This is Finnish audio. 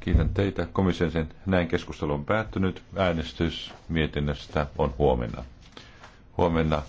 Kiitän teitä komission sen. Näin keskustelu on päättynyt. Äänestys mietinnöstä on huomenna. Huomenna